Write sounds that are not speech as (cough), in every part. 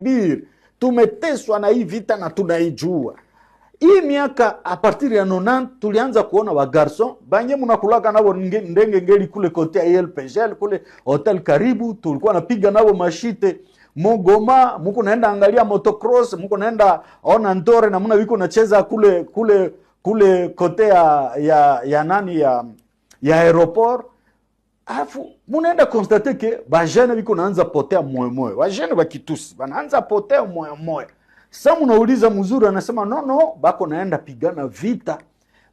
dir tumeteswa na hii vita na tunaijua hii miaka a partir ya 90 tulianza kuona wagarson banye munakulaka nabo ndenge ngeli kule kote ya LPGL kule hotel karibu, tulikuwa napiga nabo mashite mogoma, muko naenda angalia motocross, muko naenda ona ndore na muna wiko nacheza kule kule kule kote ya, ya, ya nani ya ya aeroport Alafu munaenda konstate ke bajene viko naanza potea moyo moyo, bajene bakitusi banaanza potea moyo moyo. Sa munauliza mzuri, anasema no no, bako naenda pigana vita,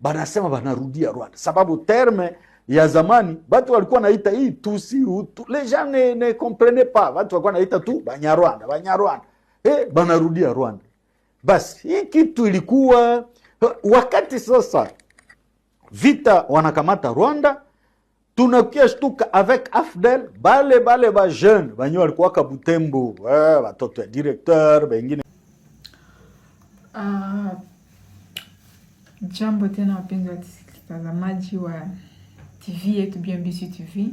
banasema banarudia Rwanda, sababu terme ya zamani batu walikuwa naita hii tusi utu, les gens ne, ne comprene pas, batu walikuwa naita tu Banyarwanda Banyarwanda, eh banarudia Rwanda. Basi hii kitu ilikuwa wakati sasa vita wanakamata Rwanda tunakiashtuka avec afdel bale bale ba jeune banyo walikuwaka Butembo watoto eh, ya directeur bengine. Uh, ah, jambo tena wapenzi watazamaji wa TV yetu BMBC TV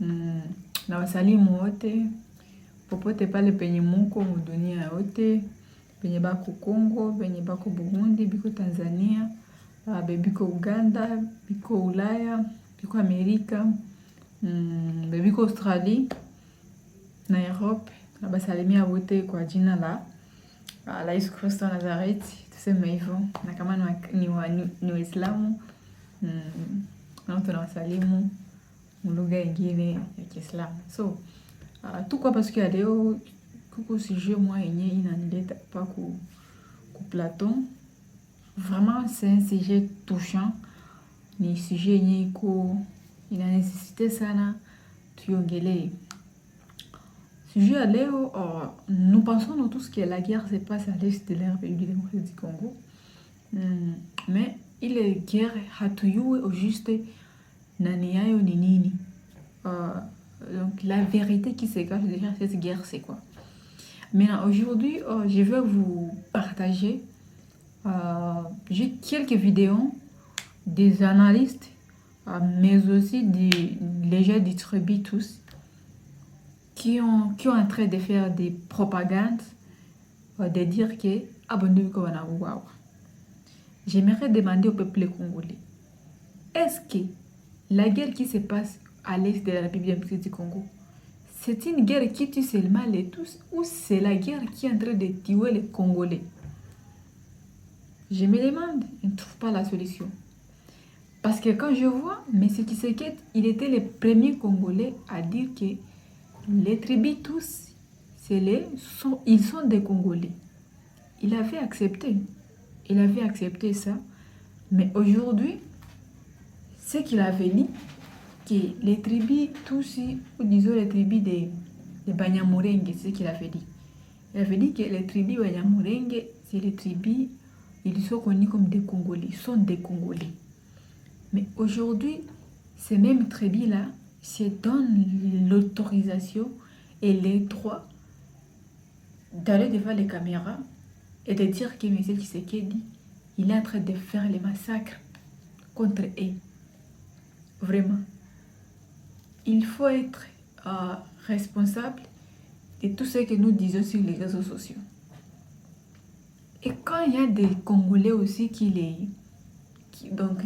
mm, na wasalimu wote popote pale penye muko mudunia yote penye bako Kongo penye bako Burundi biko Tanzania uh, ah, bebiko Uganda biko Ulaya biko amerika mm, biko australie na europe na nabasalimia wote kwa jina la la Yesu Kristo wa Nazareti, tuseme hivyo. Na kama ni Waislamu ni, ni Waislamu mm, na tunawasalimu lugha ingine ya Kiislamu. So uh, tuko hapa siku ya leo, kuko suje mwa yenye inanileta pa ku, ku Platon. Vraiment c'est un sujet touchant ni sujei yenye iko nécessité sana tuiongelee. Sujet ya leo uh, nous pensons tout ce que la guerre se passe à l'est de la République démocratique du Congo hmm, mais il est guerre hatuyue juste nani yayo ni nini uh, donc la vérité qui se cache derrière cette guerre c'est quoi Maintenant, aujourd'hui, oh, je veux vous partager. Euh, quelques vidéos des analystes, euh, mais aussi des légers tous qui ont, qui ont en train de faire des propagandes, euh, de dire que ah J'aimerais demander au peuple congolais, est-ce que la guerre qui se passe à l'est de la République du Congo, c'est une guerre qui tue seulement les tous ou c'est la guerre qui est en train de tuer les Congolais Je me demande, je ne trouve pas la solution. Parce que quand je vois mais ce M. Tshisekedi, il était le premier Congolais à dire que les tribus tous, les, sont, ils sont des Congolais. Il avait accepté. Il avait accepté ça. Mais aujourd'hui, ce qu'il avait dit, que les tribus tous, ou disons les tribus des, des c'est ce qu'il avait dit. Il avait dit que les tribus Banyamurenge, c'est les tribus, ils sont connus comme des Congolais, sont des Congolais. Mais aujourd'hui, ces mêmes tribus-là se donnent l'autorisation et les droits d'aller devant les caméras et de dire que M. Tshisekedi, il est en train de faire les massacres contre eux. Vraiment. Il faut être euh, responsable de tout ce que nous disons sur les réseaux sociaux. Et quand il y a des Congolais aussi qui les qui, donc,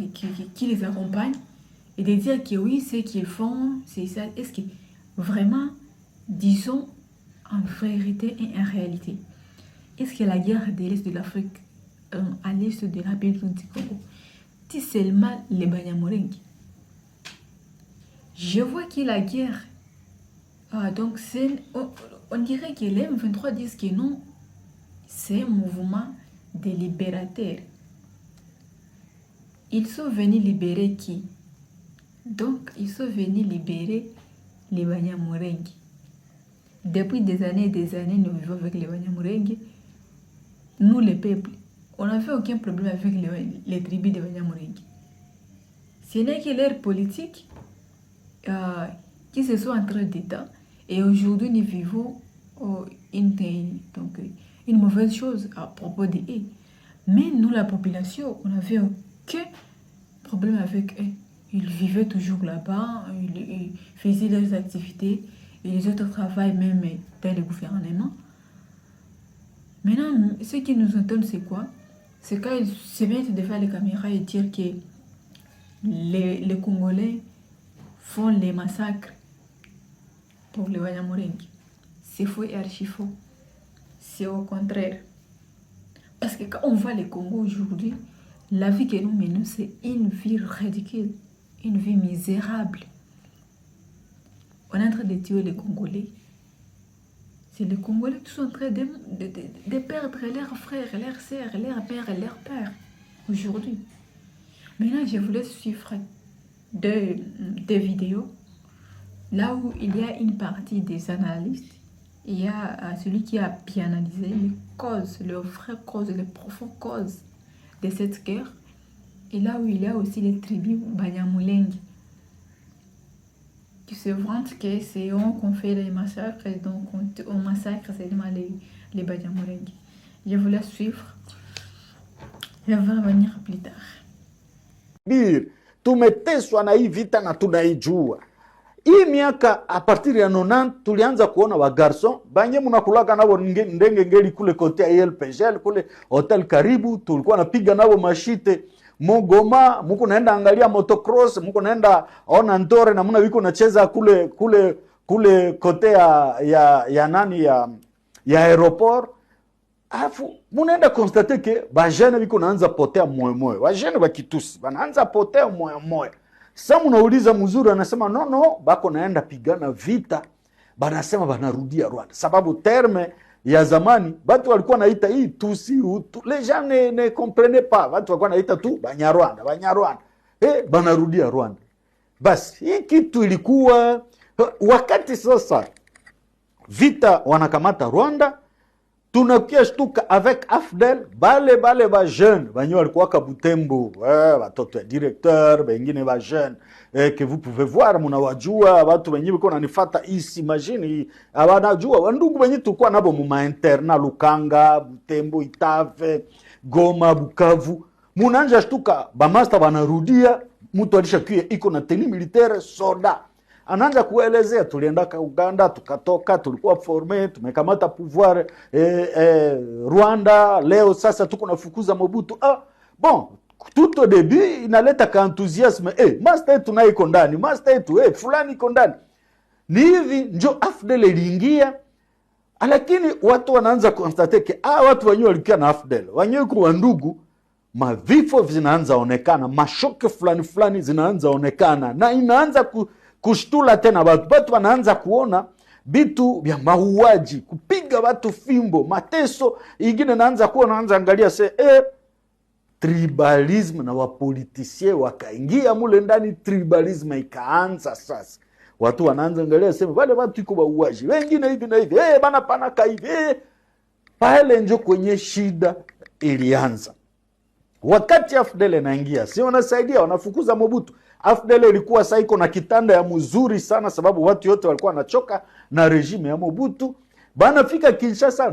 qui, les accompagne et de dire que oui, ce qu'ils font, c'est ça. Est-ce que vraiment, disons en vérité et en réalité, est-ce que la guerre de l'Est de l'Afrique, euh, à l'Est de la République du Congo, c'est seulement les Banyamoreng Je vois que la guerre, ah, donc c'est on, dirait que les M23 disent que non, c'est un mouvement délibérateur ils sont venus libérer qui Donc, ils sont venus libérer les Banyamureng. Depuis des années et des années, nous vivons avec les Banyamureng. Nous, les peuples, on n'a fait aucun problème avec les, tribus des Ce n'est que leur politique euh, qui se sont entrés dedans. Et aujourd'hui, nous vivons euh, une, donc, une mauvaise chose à propos des Mais nous, la population, on n'avait que problème avec eux. Ils vivaient toujours là-bas, ils, faisaient leurs activités et les autres travaillent même dans le gouvernement. Maintenant, ce qui nous entonne c'est quoi C'est quand ils se mettent devant les caméras et dire que les, Congolais font les massacres pour les Wanyamureng. C'est faux et archi faux. C'est au contraire. Parce que quand on voit les Congo aujourd'hui, la vie que nous menons, c'est une vie ridicule, une vie misérable. On est en train de tuer les Congolais. C'est les Congolais qui sont en train de, perdre leurs frères, leurs sœurs, leurs mères et leurs pères aujourd'hui. Maintenant, je voulais suivre des vidéos là où il y a une partie des analystes il y a euh, celui qui a bien analysé les causes, les vraies causes, les profondes causes de cette guerre, et là où il y a aussi les tribus Banyamulenge qui se vantent que c'est eux qu'on fait les massacres, et donc on, massacre seulement les, les Banyamulenge. Je voulais suivre. Je vais revenir plus tard. na vita na hii miaka apartir ya 90 tulianza kuona wagarson banye munakulaka navo ndenge kule kote ya LPGL kule hotel karibu, tulikuwa napiga navo mashite Mogoma, muko naenda angalia motocross, muko naenda ona ndore na muna nacheza kule kule kule kote ya, ya, ya nani ya ya aeroport alafu munaenda konstate ke bajene biko naanza potea moyo moyo, bakitusi banaanza potea moyo Samu nauliza mzuri, anasema no no, bako naenda pigana vita, banasema banarudia Rwanda, sababu terme ya zamani batu walikuwa naita hii tusi utu, les gens ne, ne comprenaient pas, batu walikuwa naita tu Banyarwanda, Banyarwanda eh, banarudia Rwanda. Basi hii kitu ilikuwa wakati sasa vita wanakamata Rwanda tunakiashtuka avec afdel bale bale ba jeune banyo walikuwaka butembo eh, batoto eh, ya directeur bengine ba jeune eh, que vous pouvez voir munawajua batu benye biko nanifata isi imagine abanajua ah, bandugu benye tulikuwa nabo muma interna lukanga butembo itafe goma bukavu munanja shtuka bamasta banarudia mtu alishakuya iko na teni militaire soda anaanza kuelezea tulienda ka Uganda, tukatoka, tulikuwa forme, tumekamata pouvoir eh, eh, Rwanda, leo sasa tuko nafukuza Mobutu. Ah, bon tout au début inaleta ka enthousiasme eh, master yetu naye iko ndani, master yetu eh, fulani iko ndani. Ni hivi njo AFDEL iliingia, lakini watu wanaanza konstate ke ah, watu wenyewe walikuwa na AFDEL wenyewe kwa ndugu mavifo zinaanza onekana, mashoke fulani fulani zinaanza onekana na inaanza ku, kushtula tena watu watu wanaanza kuona vitu vya mauaji kupiga watu fimbo mateso ingine naanza kuwa naanza angalia se eh, tribalism na wapolitisie wakaingia mule ndani tribalism ikaanza sasa watu wanaanza angalia sema wale watu iko wauaji wengine hivi na hivi eh, bana panaka hivi eh. pale njo kwenye shida ilianza wakati afdele naingia si wanasaidia wanafukuza mobutu AFDL ilikuwa sasa iko na kitanda ya mzuri sana, sababu watu yote walikuwa wanachoka na regime ya Mobutu. Banafika Kinshasa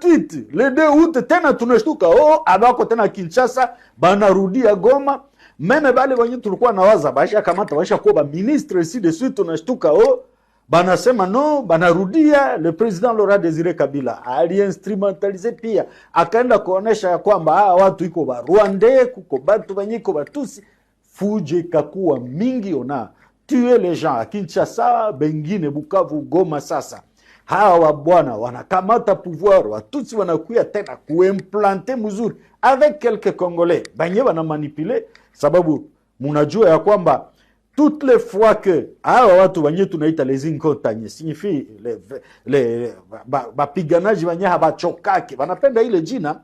tweet le de ute tena tunashtuka oh, abako tena Kinshasa, banarudia Goma. Meme bale wenye tulikuwa nawaza basha kamata baisha kuwa ministre si de suite, tunashtuka oh, banasema no, banarudia. Le president Laurent Desire Kabila aliinstrumentalize pia, akaenda kuonesha ya kwamba hawa ah, watu iko ba Rwande, kuko batu wenye iko batusi fuje ikakuwa mingi ona tue les gens à bengine Bukavu, Goma. Sasa hawa wabwana wanakamata pouvoir, watuti wanakuya tena kuimplante mzuri avec quelques Congolais banye wanamanipule, sababu munajua ya kwamba toutes les fois que hawa watu wanye tunaita les incontagnes signifie le, le, bapiganaji ba, banye habachokake wanapenda ile jina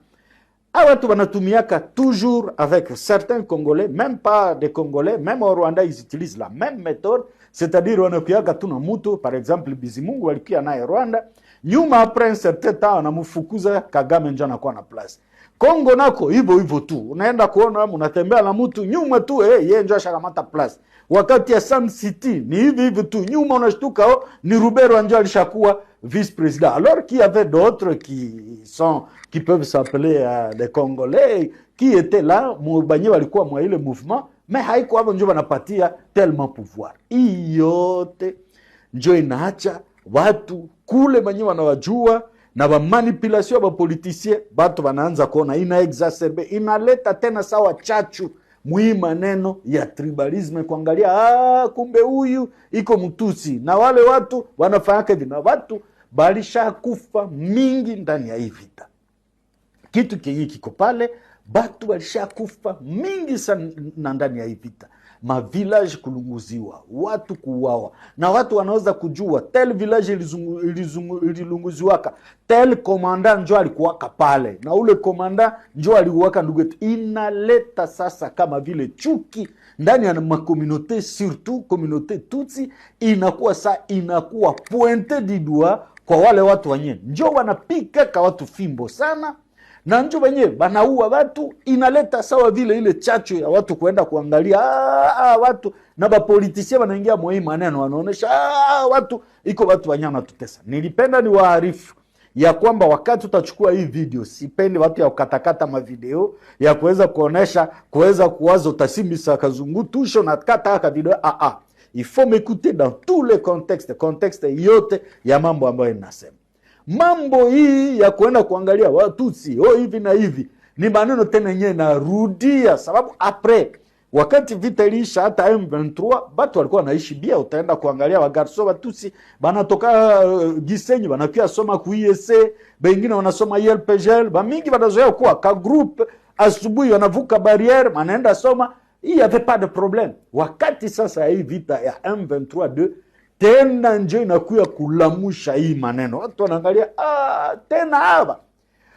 awa tubanatumiaka toujours avec certains congolais même pas des congolais même au rwanda ils utilisent la même méthode c'est-à-dire wanakuyaka tu na mutu par exemple bizimungu walikuya naye rwanda nyuma après un certain temps anamufukuza kagame njo anakuwa na place Kongo nako hivyo hivyo tu, unaenda kuona mnatembea na mtu nyuma tu eh, yeye ndio ashakamata plus. Wakati ya Sun City ni hivi hivi tu, nyuma unashtuka oh, ni Rubero ndio alishakuwa vice president alors qu'il y avait d'autres qui sont qui peuvent s'appeler uh, des Congolais qui étaient là mwenye walikuwa mwa ile mouvement mais haiko hapo ndio wanapatia tellement pouvoir. Hii yote ndio inaacha watu kule mwenye wanawajua na bamanipulation ya bapolitisien bato banaanza kuona inaexacerbe, inaleta tena sawa chachu mwii maneno ya tribalisme, kuangalia ah, kumbe huyu iko mtusi na wale watu wanafanyaka hivi, na watu balishakufa mingi ndani ya hii vita. Kitu kenye kiko pale, batu kufa mingi sana na ndani ya hii vita mavilaji kulunguziwa, watu kuuawa, na watu wanaweza kujua tel village ililunguziwaka, tel komanda njo alikuwaka pale, na ule komanda njo aliuwaka ndugu yetu. Inaleta sasa kama vile chuki ndani ya makomunote, surtout komunote Tutsi, inakuwa saa inakuwa pointe didua kwa wale watu wenyewe njo wanapikaka watu fimbo sana na njo wenyewe wanaua watu, inaleta sawa vile ile chacho ya watu kuenda kuangalia aa, ah, ah, watu na bapolitisie wanaingia mwei maneno, wanaonesha ah, watu iko watu wanyama tutesa. Nilipenda ni waarifu ya kwamba wakati utachukua hii video, sipendi watu ya kukatakata mavideo ya kuweza kuonesha kuweza kuwaza utasimbisa kazungutusho na kata haka video aa, ifo mekute dans tous les contexte, contexte yote ya mambo ambayo inasema Mambo hii ya kuenda kuangalia watusi oh, hivi na hivi ni maneno tena yenyewe narudia, sababu apre wakati vita iliisha, hata M23 batu walikuwa naishi bia. Utaenda kuangalia wagarso Watusi banatoka uh, Gisenyi banakia soma ku ISA bengine wanasoma ba mingi banazoea kuwa ka group, asubuhi wanavuka barriere, manaenda soma. hii y avait pas de problème. Wakati sasa hii vita ya M23 de tena njo inakuya kulamusha hii maneno. Watu wanaangalia ah, tena, hawa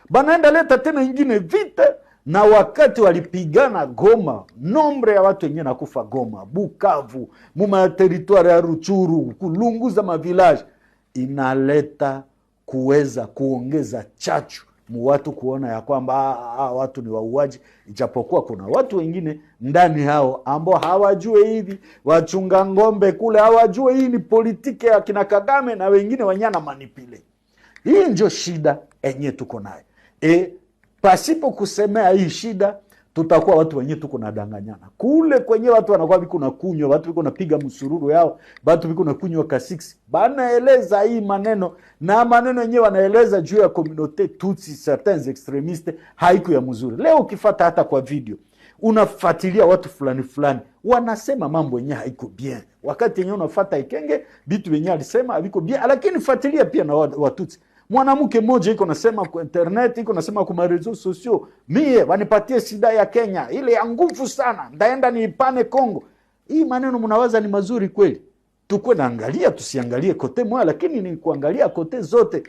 banaenda leta tena ingine vita, na wakati walipigana Goma, nombre ya watu wengine nakufa Goma, Bukavu, muma teritwari ya Ruchuru, kulunguza mavilaji, inaleta kuweza kuongeza chachu watu kuona ya kwamba hawa ah, ah, ah, watu ni wauaji, ijapokuwa kuna watu wengine ndani hao ambao hawajue hivi, wachunga ng'ombe kule hawajue hii ni politiki ya kina Kagame na wengine wenyana manipile. Hii ndio shida enye tuko nayo e, pasipo kusemea hii shida tutakuwa watu wenyewe tuko nadanganyana kule kwenye watu wanakuwa viko na kunywa, watu viko napiga msururu yao, watu viko na kunywa ka kasiksi, banaeleza hii maneno na maneno yenyewe wanaeleza juu ya communauté tutsi certains extremistes, haiku ya mzuri. Leo ukifata hata kwa video unafuatilia watu fulani fulani wanasema mambo yenyewe haiko bien, wakati yenyewe unafata Ikenge vitu yenyewe alisema haviko bien, lakini fuatilia pia na Watutsi mwanamke mmoja iko nasema kwa internet, iko nasema kwa marezo sosio, mie wanipatie sida ya Kenya ile ya nguvu sana, ndaenda niipane Kongo. Hii maneno mnawaza ni mazuri kweli? Tukwe naangalia, tusiangalie kote moja, lakini ni kuangalia kote zote.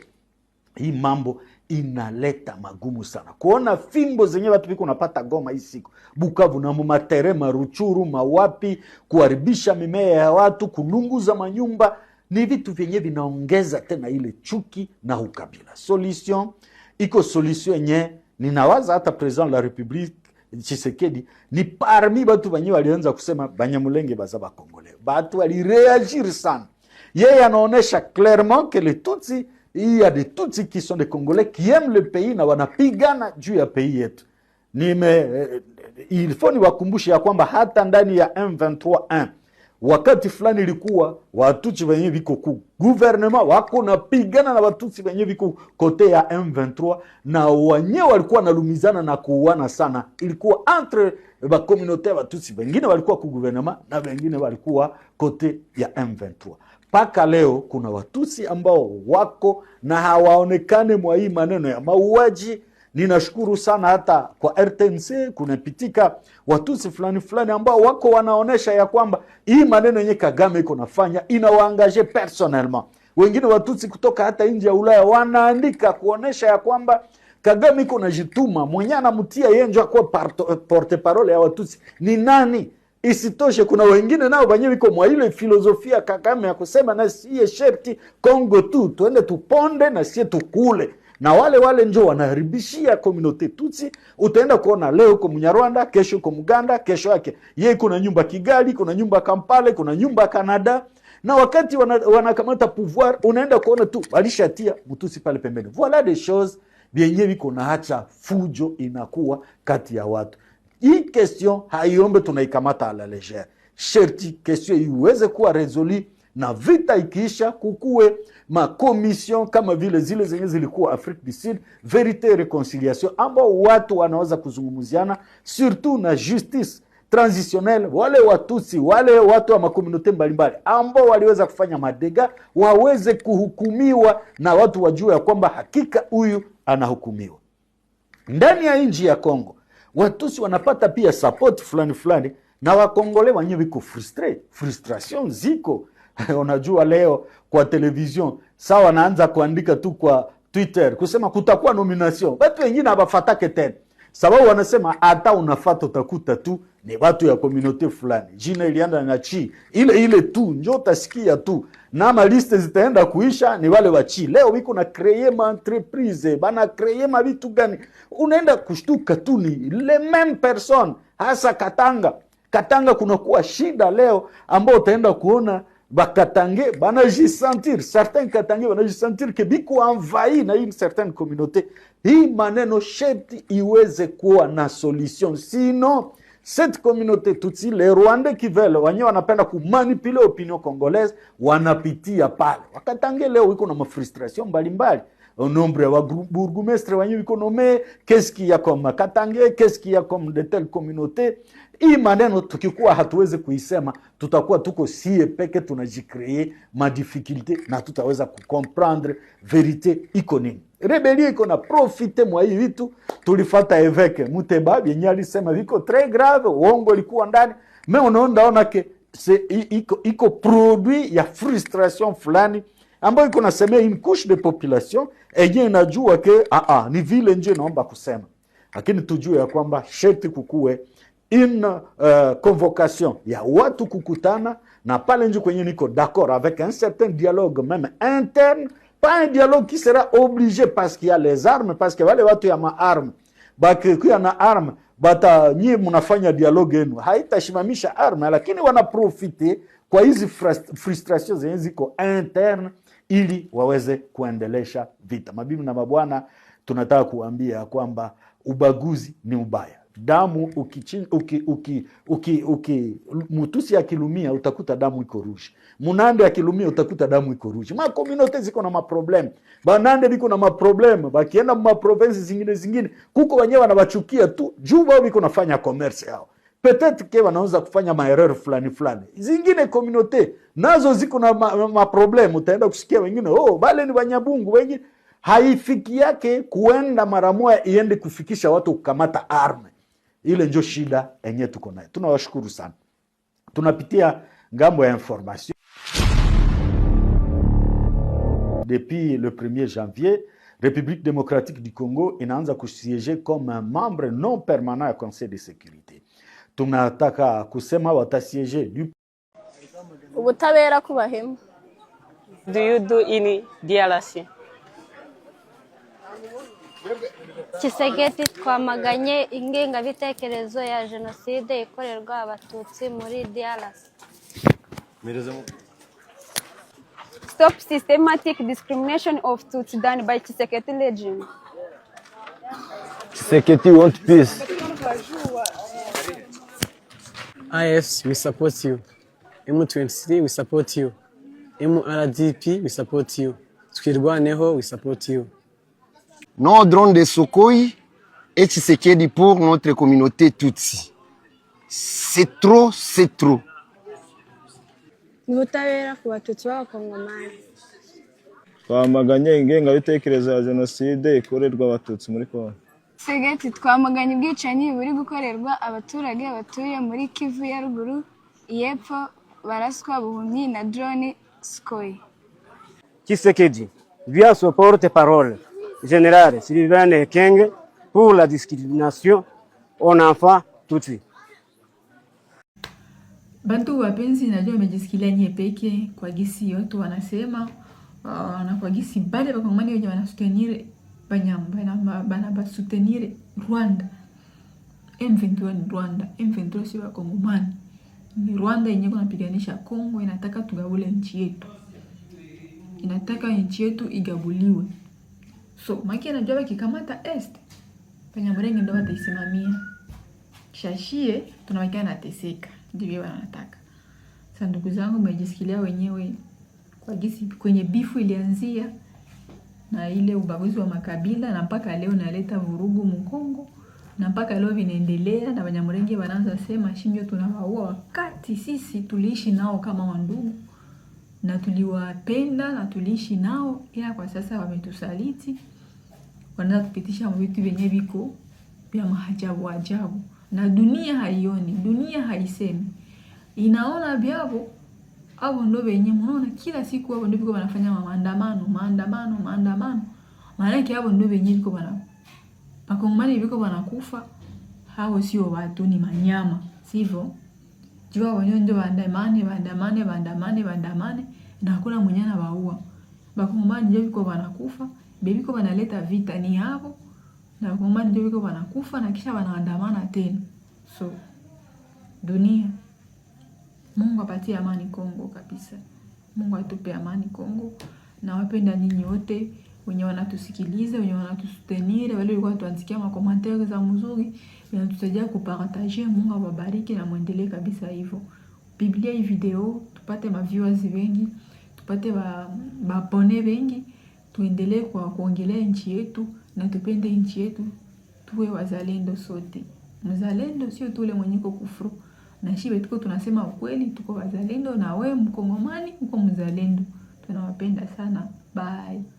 Hii mambo inaleta magumu sana kuona fimbo zenye watu viko napata Goma hii siku Bukavu na mumatere maruchuru mawapi, kuharibisha mimea ya watu, kulunguza manyumba ni vitu vyenye vinaongeza tena ile chuki na ukabila. Solution iko solution yenye ninawaza hata president la republique Chisekedi ni parmi batu banye walianza kusema Banyamulenge baza Bakongole, batu walireagir sana. Yeye anaonesha clairement que les Tutsi, il y a des Tutsi qui sont des Congolais qui aiment le pays na wanapigana juu ya pays yetu. Nime, eh, il faut niwakumbushe ya kwamba hata ndani ya M23 1 wakati fulani ilikuwa watuchi wenye viko ku guvernema wako napigana na watusi wenye viko kote ya M23 na wanye walikuwa nalumizana na kuuana sana. Ilikuwa entre bakomunote ya watusi wengine walikuwa ku guvernema na wengine walikuwa kote ya M23. Mpaka leo kuna watusi ambao wako na hawaonekane mwa hii maneno ya mauaji Ninashukuru sana hata kwa RTNC kunapitika watusi fulani fulani ambao wako wanaonesha ya kwamba hii maneno yenye Kagame iko nafanya inawaangaje personnellement. Wengine watusi kutoka hata nje ya Ulaya wanaandika kuonesha ya kwamba Kagame iko najituma, mwenye anamtia yenje kwa porte parole ya watusi ni nani? Isitoshe, kuna wengine nao wenyewe iko mwa ile filosofia Kagame ya kusema na siye sherti Kongo tu tuende tuponde na siye tukule na wale wale njo wanaharibishia komunote Tutsi. Utaenda kuona leo uko Mnyarwanda, kesho uko Muganda, kesho yake ye kuna nyumba Kigali, kuna nyumba Kampale, kuna nyumba Kanada na wakati wanakamata wana pouvoir, unaenda kuona tu walishatia mtusi pale pembeni. Voila des choses vyenye viko na hacha fujo inakuwa kati ya watu. Hii question haiombe tunaikamata a la legere, sherti question iweze kuwa resoli na vita ikiisha, kukuwe makomision kama vile zile zenye zilikuwa Afrique du Sud, verite reconciliation, ambao watu wanaweza kuzungumziana surtout na justice transitionnel wale watusi wale watu wa makomunote mbalimbali ambao waliweza kufanya madega waweze kuhukumiwa na watu wajue ya kwamba hakika huyu anahukumiwa. Ndani ya nchi ya Kongo watusi wanapata pia support fulani fulani, na Wakongole wanyewe wiko frustre, frustration ziko (laughs) unajua leo kwa televizion saa wanaanza kuandika tu kwa twitter kusema kutakuwa nomination watu wengine abafatake tena sababu wanasema hata unafata utakuta tu ni watu ya komunote fulani jina ilianda na chi ile ile tu njo utasikia tu na maliste zitaenda kuisha ni wale wa chi leo wiko na kreye ma entreprise bana kreye ma vitu gani unaenda kushtuka tu ni le meme person hasa katanga katanga kunakuwa shida leo ambao utaenda kuona bakatange banajisentir certains katange banajisentir envahi na une certaine communauté. Hii maneno sherti iweze kuwa na solution, Sinon cette communauté tutsi Rwandais Rwanda wanyo wenye ku manipuler opinion congolaise wanapitia pale. Wakatange leo iko na mafrustration mbalimbali nombre wa bourgmestre nommé qu'est-ce qu'il y a comme Katange qu'est-ce qu'il y a comme de telle communauté hii maneno tukikuwa hatuwezi kuisema tutakuwa tuko sie peke tunajicree madifikulte na tutaweza kukomprendre verite iko nini rebelia iko na profite mwa hii vitu tulifata eveke muteba vyenye alisema viko tres grave uongo ilikuwa ndani me unaondaona ke iko produit ya frustration fulani ambayo iko nasemea une couche de population enye najua ke ah ah ni vile nje naomba kusema, lakini tujue ya kwamba sherti kukuwe in uh, convocation ya watu kukutana na pale nje kwenye niko d'accord avec un certain dialogue meme interne, pas un dialogue qui sera obligé parce qu'il y a les armes, parce que wale watu ya maarme kuya na arme bata nyi mnafanya dialogue yenu haitashimamisha arme, lakini wanaprofite kwa hizi frustration zenye ziko interne ili waweze kuendelesha vita. Mabibi na mabwana, tunataka kuambia kwamba ubaguzi ni ubaya. Damu uki, uki, uki, uki, Mutusi akilumia utakuta damu iko rushi, Munande akilumia utakuta damu iko rushi. Makomunote ziko na maproblem Banande viko na maproblem bakienda maprovensi zingine zingine, kuko wenyewe wanawachukia tu juu wao viko nafanya komerse yao peut-être ke wanaweza kufanya maereur fulani fulani. Zingine komunote nazo ziko na maproblemu ma, ma utaenda kusikia wengine oh, bale ni Wanyabungu wengine haifiki yake kuenda mara moja iende kufikisha watu kukamata arme. Ile njo shida enye tuko nayo. Tunawashukuru sana, tunapitia ngambo ya information depuis le 1er janvier République démocratique du Congo inaanza kusiéger comme un membre non permanent ya Conseil de sécurité tunataka kusema watasiege ubutabera ku bahemu. Do you do in DRC? Kisegeti twamaganye ingengabitekerezo ya jenoside ikorerwa abatutsi muri DRC. Stop systematic discrimination of Tutsi done by Tshisekedi regime. Tshisekedi want peace. IS, we support you. M23, we support you. MRDP, we support you. Tukirwaneho, we support you. Nordron de Sokoi et Tshisekedi pour notre communauté Tutsi. C'est trop, c'est trop. Ubutabera ku Batutsi b'Abakongomani. Twamaganye ingengabitekerezo ya Jenoside ikorerwa Abatutsi muri Kongo. Sergent twamaganye ubwicanyi buri gukorerwa abaturage batuye muri Kivu ya ruguru y'Epfo baraswa buhumyi na drone Sukhoi. Tshisekedi via son porte-parole général Sylvain Ekenge pour la discrimination on en fait enfant Tutsi. Bantu wapenzi, najua umejisikilia nyie peke kwa gisi watu wanasema uh, na kwa gisi baada ya kongamano yenye wanastenire banyamba rwanda M23 ni Rwanda, M23 si Wakongomani, ni Rwanda yenye kunapiganisha Kongo, inataka tugabule nchi yetu, inataka nchi yetu igabuliwe. So maki anajua wakikamata est Banyamulenge ndo wataisimamia, shashie tunawakia nateseka, ndivyo wanataka. Sa ndugu zangu, mejisikilia wenyewe kwa gisi kwenye bifu ilianzia na ile ubaguzi wa makabila na mpaka leo naleta vurugu mkongo na mpaka leo vinaendelea, na Banyamulenge wanaanza sema shinjo tunawaua, wakati sisi tuliishi nao kama wandugu na tuliwapenda na tuliishi nao, ila kwa sasa wametusaliti, wanaanza kupitisha vitu vyenye viko vya maajabu ajabu, na dunia haioni, dunia haisemi, inaona vyavo au ndio wenye unaona, kila siku hapo ndio wanafanya maandamano maandamano maandamano. Maana yake hapo ndio wenye iko bana makongomani viko wanakufa. Hao sio watu, ni manyama, sivyo? Jua wenyewe ndio waandamane waandamane waandamane waandamane, na hakuna mwenye anawaua bakongomani, ndio viko wanakufa bebi, viko wanaleta vita ni hapo, na bakongomani ndio viko wanakufa na kisha wanaandamana tena, so dunia Mungu apatie amani Kongo kabisa. Mungu atupe amani Kongo. Nawapenda ninyi wote wenye wanatusikiliza, wenye wanatusutenire, wale walikuwa tuandikia makomantere za mzuri, inatusaidia kupartager. Mungu awabariki na muendelee kabisa hivyo. Biblia hii video tupate ma viewers wengi, tupate ba bapone wengi, tuendelee kwa kuongelea nchi yetu na tupende nchi yetu, tuwe wazalendo sote. Mzalendo sio tule mwenyeko kufuru shibe tuko tunasema ukweli, tuko wazalendo na we mkongomani, mko mzalendo. Tunawapenda sana, bye.